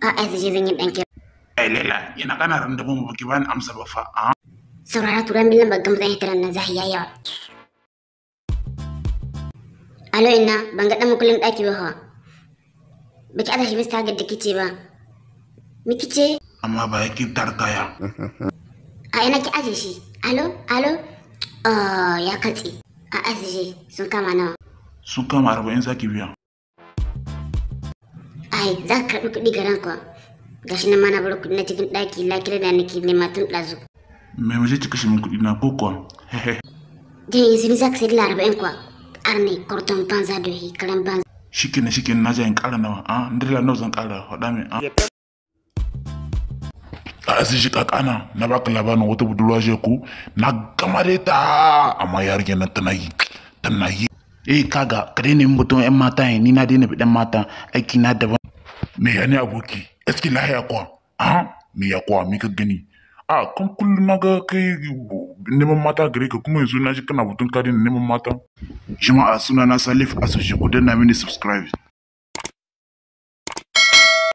A'a zai eh, ah? zan yi ɗan kira. Ai Laila yana kana ran da mu baki bani amsa ba fa. Saurara turan billan bagam zan hitaran nan zai yawa. Alo ina ban ga ɗan mukulin ɗaki ba fa. Baki ada shi mista ga kice ba. Mi kice? Amma ba yake tarkaya. A ina ki aje shi. Alo alo. Oh ya katse. A aje sun kama nawa. Sun kama arba'in zaki biya. wallahi za ka karɓi kuɗi garan kuwa gashi na mana bar kuɗi na cikin ɗaki lakira da nake nema tun ɗazu. mai waje ci kashe min kuɗi na ko kuwa. dan yanzu ni za ka sayi laraba'in kuwa arne kwarton banza da karan banza. shikin shikin na jayin ƙara nawa a ah, ndila nawa zan ƙara faɗa min ah. a. a asiji kakana na baka labarin wata budurwa shi ku na gama da ta amma yarinya nan tana yi tana yi eh kaga ka daina yin mutum yan mata ni na daina bidan mata aiki na daban me yani aboki eski ya kuwa a me ya kuwa me ka gani a kan kullum na ga kai neman mata gare ka kuma yanzu na shi kana butun kari neman mata jama'a suna na salif a soshi ku danna mini subscribe